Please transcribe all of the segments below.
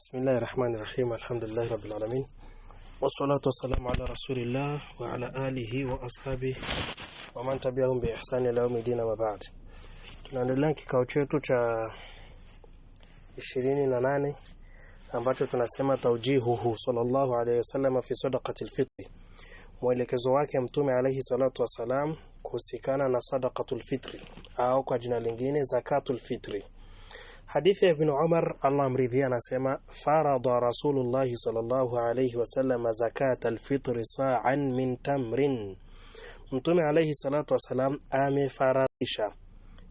بسم الله الرحمن الرحيم الحمد لله رب العالمين والصلاة والسلام على رسول الله وعلى آله وأصحابه ومن تبعهم بإحسان إلى يوم الدين ما بعد tunaendelea kikao chetu cha 28 ambacho tunasema taujihuhu sallallahu alayhi wasallam fi sadaqati alfitr mwelekezo wake mtume alayhi salatu wasalam kuhusikana na sadaqatul fitri au kwa jina lingine zakatul fitri Hadithi ya Ibn Umar, Allah amridhia, anasema farada Rasulullahi sallallahu alayhi wasallam zakat alfitri sa'an min tamrin, Mtume alayhi salatu wasalam amefaradisha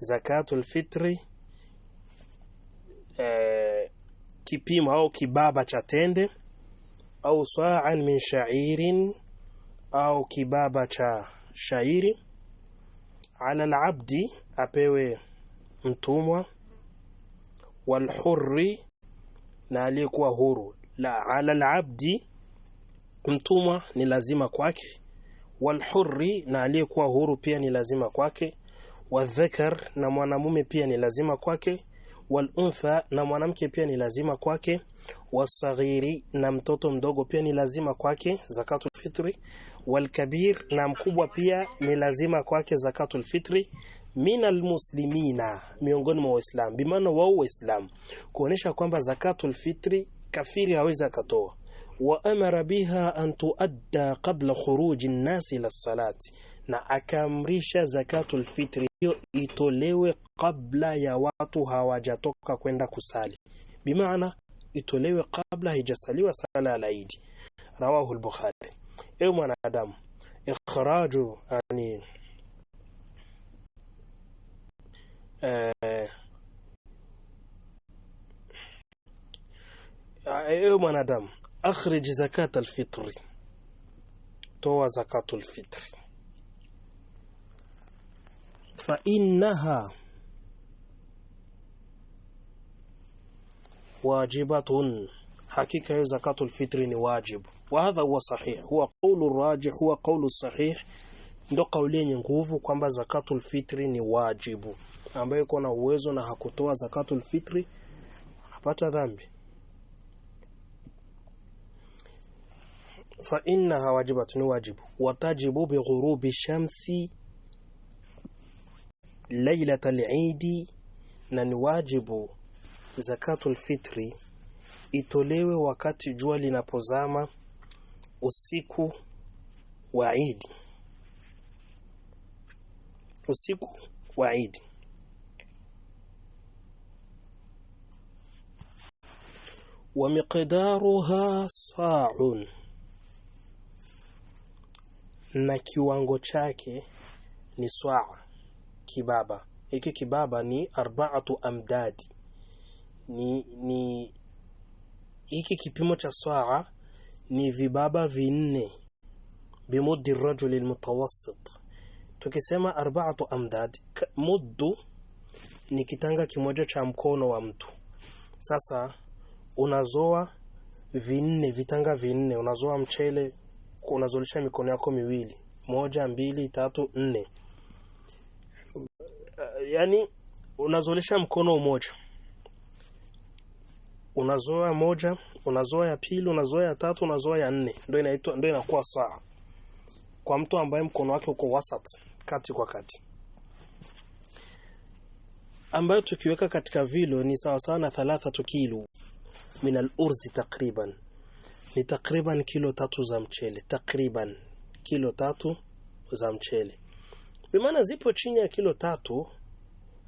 zakatul fitri eh, kipimo au kibaba cha tende au sa'an min sha'irin au kibaba cha shairi, ala alabdi, apewe mtumwa walhurri na aliyekuwa huru la ala labdi mtumwa ni lazima kwake walhurri na aliyekuwa huru pia ni lazima kwake wadhakar na mwanamume pia ni lazima kwake waluntha na mwanamke pia ni lazima kwake wasaghiri na mtoto mdogo pia ni lazima kwake zakatul fitri walkabir na mkubwa pia ni lazima kwake zakatu fitri minal muslimina, miongoni mwa Waislamu, bimaana wao Waislamu, kuonesha kwamba zakatul fitri kafiri hawezi akatoa. Wa amara biha an tuadda qabla khuruji nnasi ila salati, na akaamrisha zakatul fitri hiyo itolewe kabla ya watu hawajatoka kwenda kusali, bimaana itolewe kabla haijasaliwa sala alaidi. Rawahu al-Bukhari. Ewe mwanadamu ikhraju yani eh, ewe eh, mwanadamu, akhrij zakat alfitri, toa zakatu alfitri, fa innaha wajibatun, hakika hiyo zakatu alfitri ni wajibu. Wa hadha huwa sahih, huwa qawlu rajih, huwa qawlu sahih, ndo kauli yenye nguvu kwamba zakatu alfitri ni wajibu ambaye kwa na uwezo na hakutoa zakatul fitri anapata dhambi fa innaha wajibatun wajibu watajibu bi ghurubi shamsi lailatal eid na ni wajibu zakatul fitri itolewe wakati jua linapozama usiku wa Eid usiku wa Eid ومقدارها صاع na kiwango chake ni swaa kibaba hiki kibaba ni arbaatu amdadi ni ni hiki kipimo cha swaa ni vibaba vinne bimuddi rajuli almutawassit tukisema arbaatu amdad muddu ni kitanga kimoja cha mkono wa mtu sasa unazoa vinne vitanga vinne, unazoa mchele, unazolisha mikono yako miwili, moja, mbili, tatu, nne, eh, yani unazolisha mkono mmoja, unazoa moja, unazoa ya pili, unazoa ya tatu, unazoa ya nne, ndo inaitwa ndo inakuwa sawa kwa mtu ambaye mkono wake uko wasat, kati kwa kati, ambayo tukiweka katika vilo ni sawasawa na thalathatu kilo min al-urzi takriban ni takriban kilo tatu za mchele takriban kilo tatu za mchele vimana zipo chini ya kilo tatu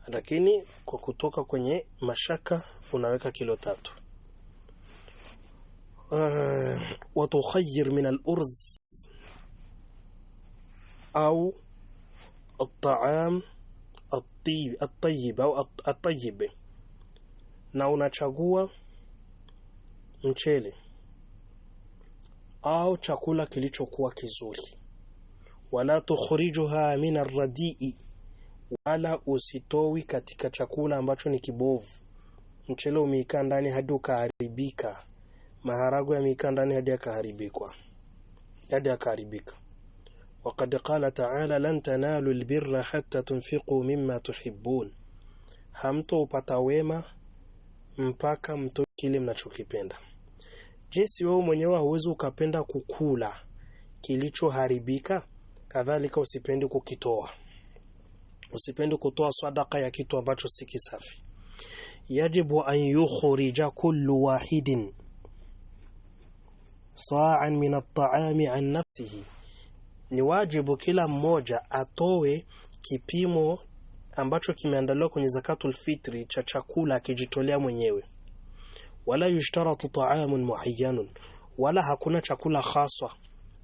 lakini kwa kutoka kwenye mashaka unaweka kilo tatu uh, eh, watukhayyir min al-urz au الطعام الطيب الطيب au الطيب na unachagua mchele au chakula kilichokuwa kizuri wala tukhrijuha min arradii wala usitowi katika chakula ambacho ni kibovu mchele umeika ndani hadi ukaharibika maharagu yameika ndani hadi yakaharibikwa hadi yakaharibika وقد قال تعالى لن تنالوا البر حتى تنفقوا مما تحبون hamtoupata wema mpaka mtoe kile mnachokipenda jinsi wewe mwenyewe huwezi ukapenda kukula kilichoharibika, kadhalika usipendi kukitoa, usipendi kutoa sadaka ya kitu ambacho si kisafi. Yajibu an yukhrija kullu wahidin sa'an min at-ta'ami an nafsihi, ni wajibu kila mmoja atoe kipimo ambacho kimeandaliwa kwenye zakatul fitri cha chakula akijitolea mwenyewe wala yushtaratu taamun muayyanun, wala hakuna chakula haswa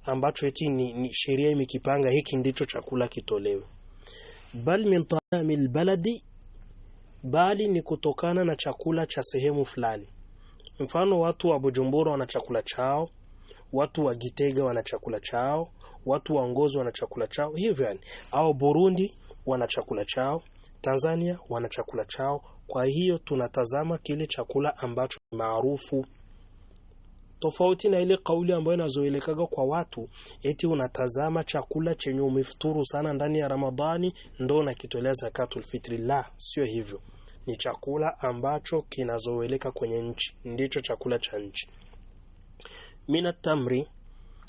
ambacho eti ni, ni sheria imekipanga hiki ndicho chakula kitolewe, bal min taamil baladi, bali ni kutokana na chakula cha sehemu fulani. Mfano, watu wa Bujumbura wana chakula chao, watu wa Gitega wana chakula chao, watu wa Ngozi wana chakula chao, hivyo yani, au Burundi wana chakula chao, Tanzania wana chakula chao kwa hiyo tunatazama kile chakula ambacho ni maarufu, tofauti na ile kauli ambayo inazoelekaga kwa watu eti unatazama chakula chenye umefuturu sana ndani ya Ramadhani ndo unakitolea zakatul fitri. La, sio hivyo. Ni chakula ambacho kinazoeleka kwenye nchi, ndicho chakula cha nchi. Mina tamri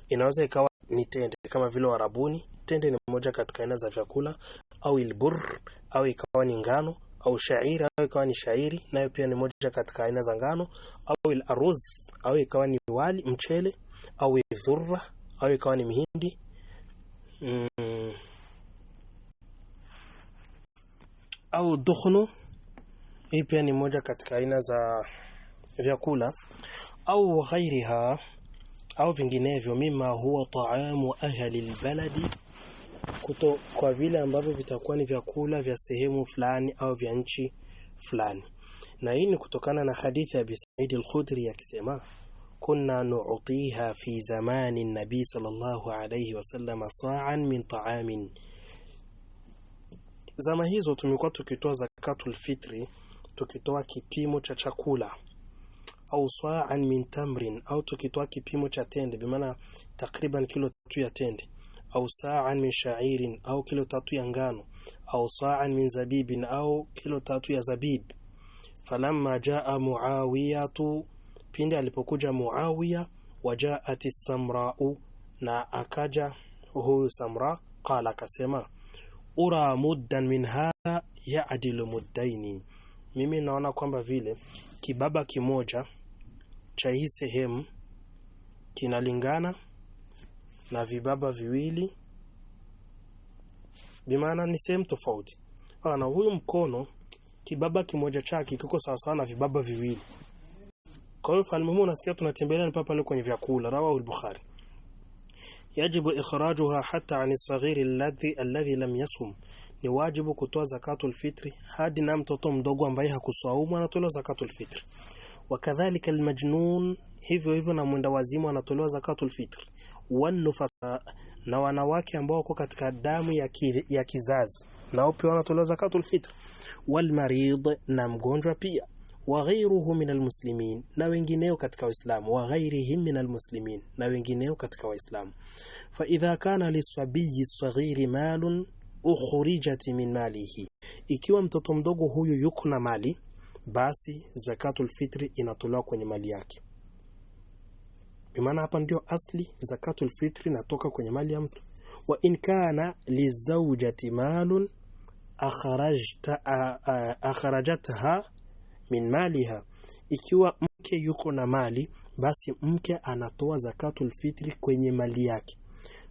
inaweza ikawa ni tende, kama vile Warabuni tende ni moja katika aina za vyakula, au ilbur au ikawa ni ngano au shairi au ikawa ni shairi, nayo pia ni moja katika aina za ngano, au il aruz au ikawa ni wali mchele, au dhurra au ikawa ni mihindi mm, au dukhnu, hii pia ni moja katika aina za vyakula, au ghairiha au vinginevyo, mima huwa taamu ahli albaladi kuto kwa vile ambavyo vitakuwa ni vyakula vya sehemu fulani au vya nchi fulani. Na hii ni kutokana na hadithi ya Abi Said al-Khudri akisema kunna nu'tiha fi zamani nabi sallallahu alayhi wasallam sa'an min ta'amin, zama hizo tumekuwa tukitoa zakatul fitri tukitoa kipimo cha chakula au sa'an min tamrin, au tukitoa kipimo cha tende, bimaana takriban kilo tatu ya tende au sa'an min sha'irin au kilo tatu ya ngano au sa'an min zabibin au kilo tatu ya zabib falamma jaa muawiyatu pindi alipokuja muawiya wajaat samra'u na akaja huyu samra qala akasema ura muddan min hadha yaadilu muddaini mimi naona kwamba vile kibaba kimoja cha hii sehemu kinalingana na vibaba viwili bimaana ni sehemu tofauti. Na huyu mkono kibaba kimoja chake kiko sawa na vibaba viwili. Kwa hiyo falmuhimu nasikia tunatembelea ni pale kwenye vyakula rawahu al Yajibu ikhrajuha hatta an as alladhi lam yasum. Ni wajibu kutoa zakatul fitri hadi na mtoto mdogo ambaye hakusaumu anatoa zakatul fitri. Wakadhalika al Hivyo hivyo na mwenda wazimu anatolewa zakatul fitr. Wanufasa na wanawake ambao wako katika damu ya, ki, ya kizazi nao pia wanatolewa zakatul fitr. Wal marid na mgonjwa pia wa ghairuhu min almuslimin na wengineo katika Waislamu, wa ghairihim min almuslimin na wengineo katika Waislamu. Fa idha kana lisabiyi saghiri malun ukhrijat min malihi, ikiwa mtoto mdogo huyu yuko na mali, basi zakatul fitri inatolewa kwenye mali yake bimaana hapa ndio asli zakatul fitri natoka kwenye mali ya mtu. Wa in kana lizaujati malun akharajta, akharajatha min maliha, ikiwa mke yuko na mali basi mke anatoa zakatul fitri kwenye mali yake.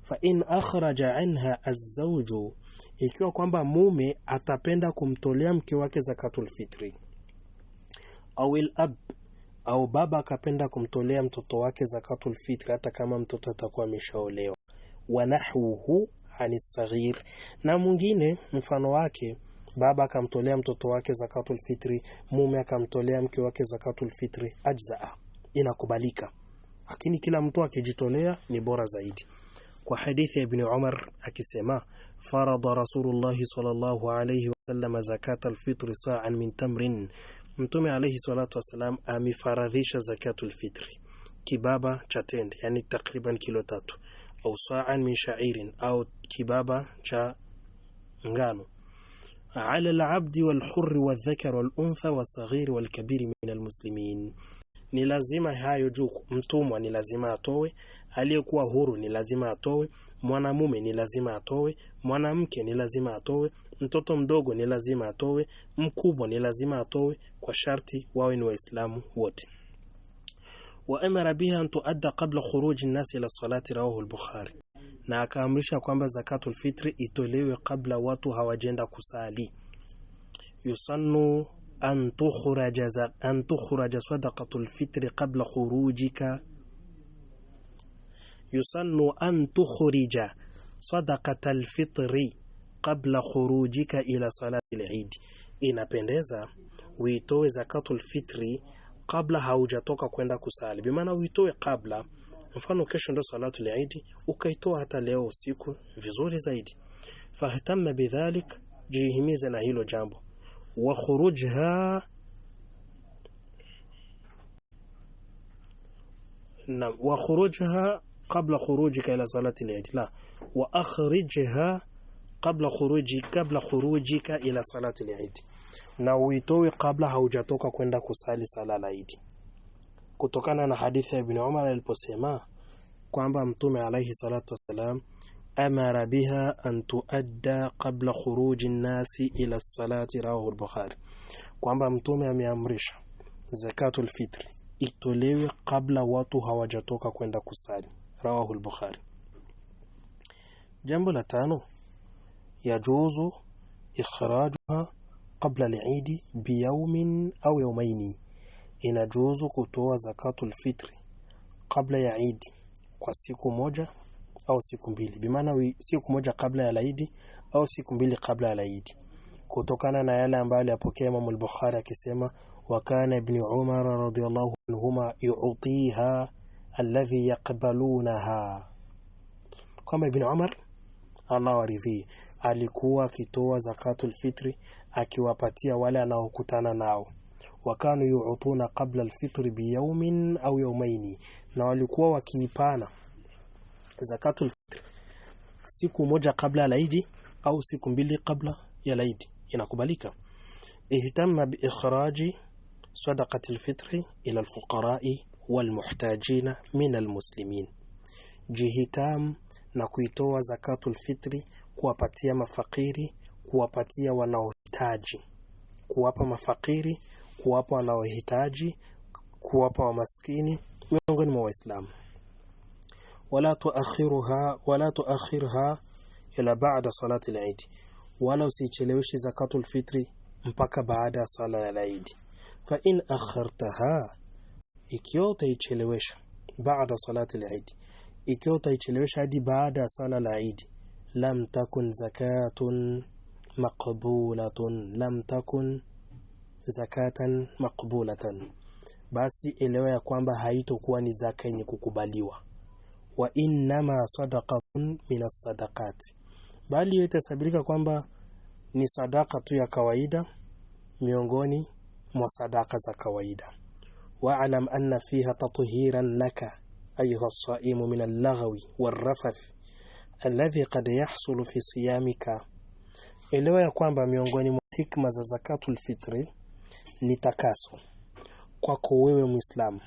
Fa in akhraja anha azauju, ikiwa kwamba mume atapenda kumtolea mke wake zakatul fitri, awil ab au baba akapenda kumtolea mtoto wake zakatul fitri hata kama mtoto atakuwa ameshaolewa. wanahuhu ani saghir, na mwingine mfano wake baba akamtolea mtoto wake zakatul fitri, mume akamtolea mke wake zakatul fitri, ajzaa, inakubalika. Lakini kila mtu akijitolea ni bora zaidi. Kwa hadithi ya Ibn Umar akisema farada Rasulullah sallallahu alayhi wasallam zakata alfitri sa'an min tamrin Mtume alayhi salatu wasalam amifaradhisha zakatul fitri kibaba cha tende, yani takriban kilo tatu au sa'an min sha'irin, au kibaba cha ngano ala al-abdi wal-hurri wadh-dhakari wal-untha was-saghiri wal-kabiri min al-muslimin, ni lazima hayo juu. Mtumwa ni lazima atowe, aliyekuwa huru ni lazima atowe, mwanamume ni lazima atowe, mwanamke ni lazima atowe, Mtoto mdogo ni lazima atowe, mkubwa ni lazima atowe, kwa sharti wawe ni Waislamu wote. wa amara biha an tuadda qabla khuruji nasi ila salati, rawahu al-Bukhari. Na akaamrisha kwamba zakatul fitri itolewe kabla watu hawajenda kusali. Yusannu an tukhraja an tukhraja sadaqatul fitri qabla khurujika yusannu an tukhrija sadaqatal fitri qabla khurujika ila salati al-Eid, inapendeza uitoe zakatul fitri kabla haujatoka kwenda kusali, bi maana uitoe kabla. Mfano, kesho ndo salatu al-Eid, ukaitoa hata leo usiku, vizuri zaidi. Fahtamma bidhalik, jihimize na hilo jambo. Wa khurujha na wa khurujha kabla khurujika ila salati al-Eid, la wa akhrijha kabla khuruji kabla khurujika ila salati al-Eid, na uitoe kabla haujatoka kwenda kusali sala la Eid, kutokana na hadithi ya Ibn Umar aliposema kwamba Mtume alayhi salatu wasalam amara biha an tuadda qabla khuruji nasi ila salati, rawahu al-Bukhari, kwamba Mtume ameamrisha zakatul fitri itolewe kabla watu hawajatoka kwenda kusali, rawahu al-Bukhari. Jambo la tano يجوز إخراجها قبل العيد بيوم أو يومين inajuzu kutoa zakatul fitri kabla ya idi kwa siku moja au siku mbili bimaana siku moja kabla ya idi au siku mbili kabla ya idi kutokana na yale ambayo aliyapokea Imam al-Bukhari akisema wa kana ibn Umar radhiyallahu anhuma yu'tiha alladhi yaqbalunaha kama ibn Umar anawaridhi alikuwa akitoa zakatul fitri akiwapatia wale anaokutana nao wakanu yu'tuna qabla alfitri biyawmin au yawmaini na walikuwa wakiipana zakatul fitri siku moja kabla laidi au siku mbili kabla ya laidi inakubalika ihtamma bi ikhraji sadaqatil fitri ila alfuqara'i walmuhtajina min almuslimin jihitam na kuitoa zakatul fitri kuwapatia mafakiri, kuwapatia wanaohitaji, kuwapa mafakiri, kuwapa wanaohitaji, kuwapa wamaskini miongoni mwa Waislamu. Wala tuakhiruha wala tuakhirha ila baada salati al-Eid, wala usicheleweshe zakatul fitri mpaka baada ya sala ya Eid. Fa in akhartaha, ikiwa utaichelewesha baada salati al-Eid, ikiwa utaichelewesha hadi baada ya sala la Eid لم تكن زكاة مقبولة لم تكن zakatan maqbulatan basi elewa ya kwamba haitokuwa ni zaka yenye kukubaliwa wa innama sadaqatun minas sadaqati bali itasabilika kwamba ni sadaka tu ya kawaida miongoni mwa sadaka za kawaida wa'lam anna fiha tathiran laka ayuha as-sa'imu min al-lagwi war-rafath alladhi qad yahsulu fi siyamika. Elewa ya kwamba miongoni mwa hikma za zakatul fitri ni takaso kwako wewe Muislamu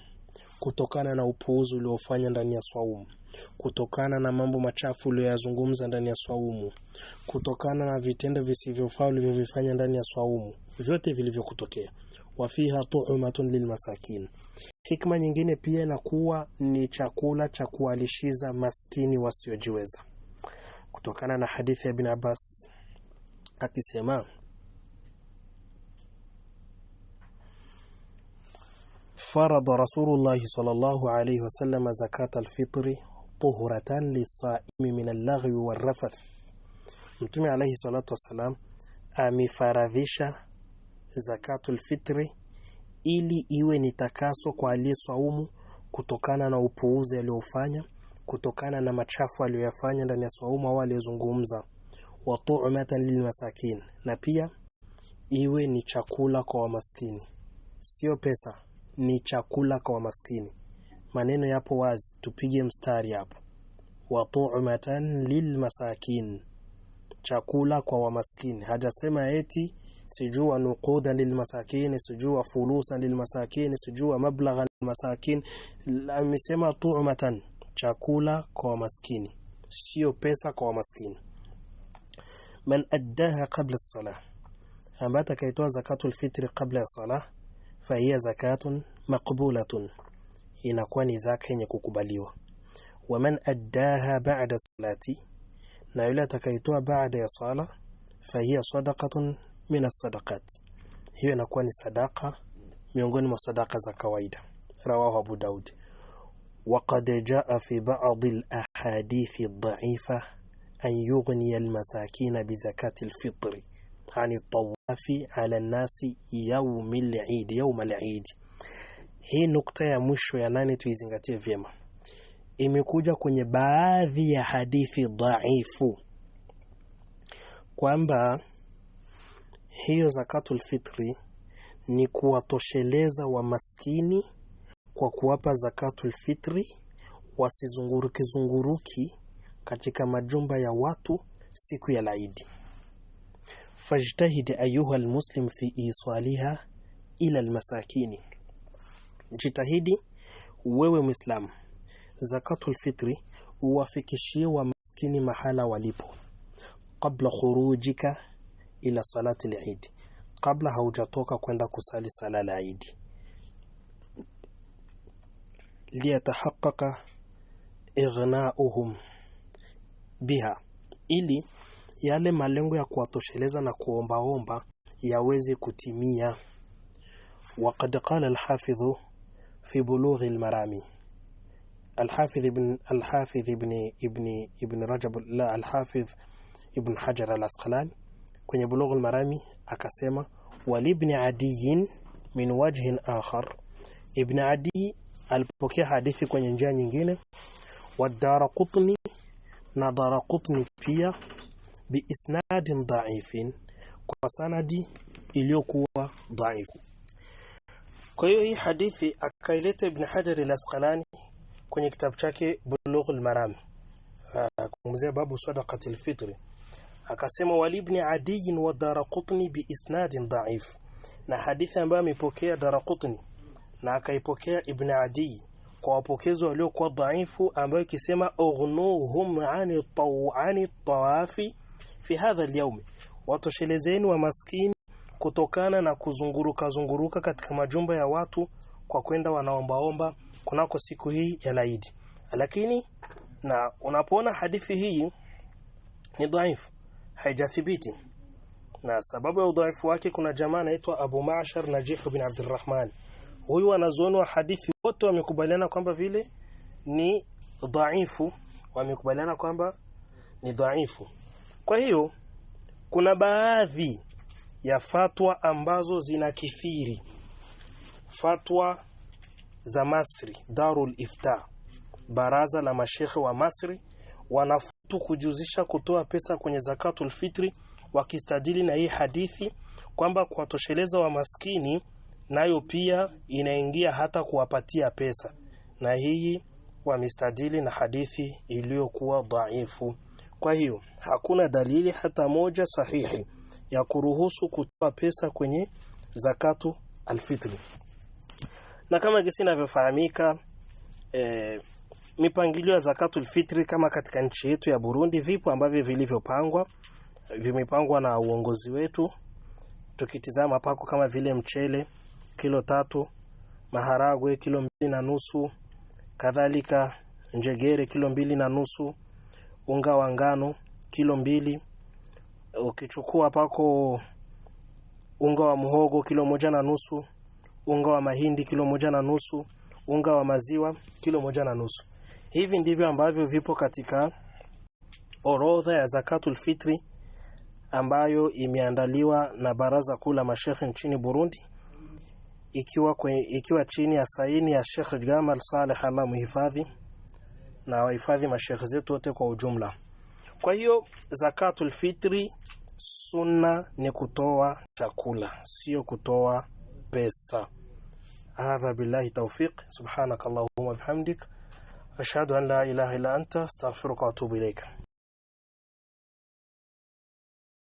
kutokana na upuuzi uliofanya ndani ya swaumu, kutokana na mambo machafu uliyoyazungumza ndani ya swaumu, kutokana na vitendo visivyofaa ulivyovifanya ndani ya swaumu, vyote vilivyokutokea. Wafiha tu'matun lilmasakin. Hikma nyingine pia inakuwa ni chakula cha kuwalishiza maskini wasiojiweza kutokana na hadithi ya Ibn Abbas akisema farada rasulullah sallallahu alayhi wasallam zakat alfitri tuhuratan lisaimi min allaghi warrafath mtume alayhi salatu wasalam amifaradhisha zakatul fitri ili iwe ni takaso kwa aliyeswaumu kutokana na upuuzi aliofanya kutokana na machafu aliyoyafanya ndani ya swauma au aliyozungumza, wa tu'matan lilmasakin, na pia iwe ni chakula kwa wamaskini, sio pesa, ni chakula kwa wamaskini. Maneno yapo wazi, tupige mstari hapo. Wa tu'matan lilmasakin, chakula kwa wamaskini. Hajasema eti sijua nuquda lilmasakin, sijua fulusa lilmasakin, sijua mablagha lilmasakin. Amesema tu'matan chakula kwa wamaskini sio pesa kwa wamaskini man addaha qabla as-salah ambaye atakaitoa zakatul fitri kabla ya salah fahiya zakatun maqbulatun inakuwa ni zaka yenye kukubaliwa waman addaha ba'da salati na yule atakaitoa baada ya sala fahiya sadaqatun min as-sadaqat hiyo inakuwa ni sadaka miongoni mwa sadaka za kawaida rawahu abu daud وقد جاء في بعض الاحاديث الضعيفه ان يغني المساكين بزكاه الفطر عن الطواف على الناس يوم العيد يوم العيد هي نقطه يا مشو يا ناني tuizingatie فيما imekuja kwenye baadhi ya hadithi dhaifu kwamba hiyo zakatul fitri ni kuwatosheleza wa maskini kwa kuwapa zakatul fitri, wasizunguruki zunguruki katika majumba ya watu siku ya laidi. Fajtahid ayuha almuslim fi isaliha ila almasakini, jitahidi wewe Muislamu, zakatul fitri uwafikishie maskini mahala walipo, kabla khurujika ila salati al kabla haujatoka kwenda kusali sala la Eid liyatahaqqaqa ighnauhum biha ili yale malengo ya kuwatosheleza na kuombaomba yaweze kutimia waqad qala alhafidhu fi bulughi almarami الحافظ ibn الحافظ ibn ابن ابن رجب لا الحافظ ابن حجر الاسقلاني kwenye bulugh almarami akasema walibni adiyin min wajhin akhar ibn adi alipokea hadithi kwenye njia nyingine wa Daraqutni na Daraqutni pia bi isnadin dha'ifin kwa sanadi iliyokuwa dhaifu. Kwa hiyo hii hadithi akaileta Ibn Hajar al-Asqalani kwenye kitabu chake Bulugh al-Maram uh, kumzia babu sadaqati al-fitr akasema wa ibn Adi wa Daraqutni bi isnadin dha'if na hadithi ambayo amepokea Daraqutni na akaipokea Ibn Adi kwa wapokezi waliokuwa dhaifu, ambayo ikisema ughnuhum ani tawani tawafi fi hadha alyaumi, watoshelezeni wa maskini kutokana na kuzunguruka zunguruka katika majumba ya watu kwa kwenda wanaombaomba kunako siku hii ya Laidi. Lakini na unapoona hadithi hii ni dhaifu, haijathibiti na sababu ya udhaifu wake, kuna jamaa anaitwa Abu Ma'shar Najih bin Abdurrahman huyu anazoona hadithi wote wamekubaliana kwamba vile ni dhaifu, wamekubaliana kwamba ni dhaifu. Kwa hiyo kuna baadhi ya fatwa ambazo zina kithiri fatwa za Masri, Darul Ifta, baraza la mashehe wa Masri wanafutu kujuzisha kutoa pesa kwenye zakatul fitri, wakistadili na hii hadithi kwamba kuwatosheleza wamaskini nayo pia inaingia hata kuwapatia pesa, na hii wamestadili na hadithi iliyokuwa dhaifu. Kwa hiyo hakuna dalili hata moja sahihi ya kuruhusu kutoa pesa kwenye zakatu alfitri, na kama jinsi inavyofahamika e, mipangilio ya zakatu alfitri kama katika nchi yetu ya Burundi, vipo ambavyo vilivyopangwa vimepangwa na uongozi wetu, tukitizama pako kama vile mchele kilo tatu maharagwe kilo mbili na nusu kadhalika njegere kilo mbili na nusu unga wa ngano kilo mbili ukichukua pako unga wa muhogo kilo moja na nusu unga wa mahindi kilo moja na nusu unga wa maziwa kilo moja na nusu hivi ndivyo ambavyo vipo katika orodha ya zakatul fitri ambayo imeandaliwa na Baraza Kuu la Mashekhe nchini Burundi ikiwa, kwe, ikiwa chini ya saini ya Sheikh Jamal Saleh Allah muhifadhi na wahifadhi mashekh zetu wote kwa ujumla. Kwa hiyo zakatul fitri sunna ni kutoa chakula, sio kutoa pesa. Hadha billahi tawfiq, subhanakallahumma bihamdik, ashhadu an la ilaha illa anta astaghfiruka wa atubu ilaika.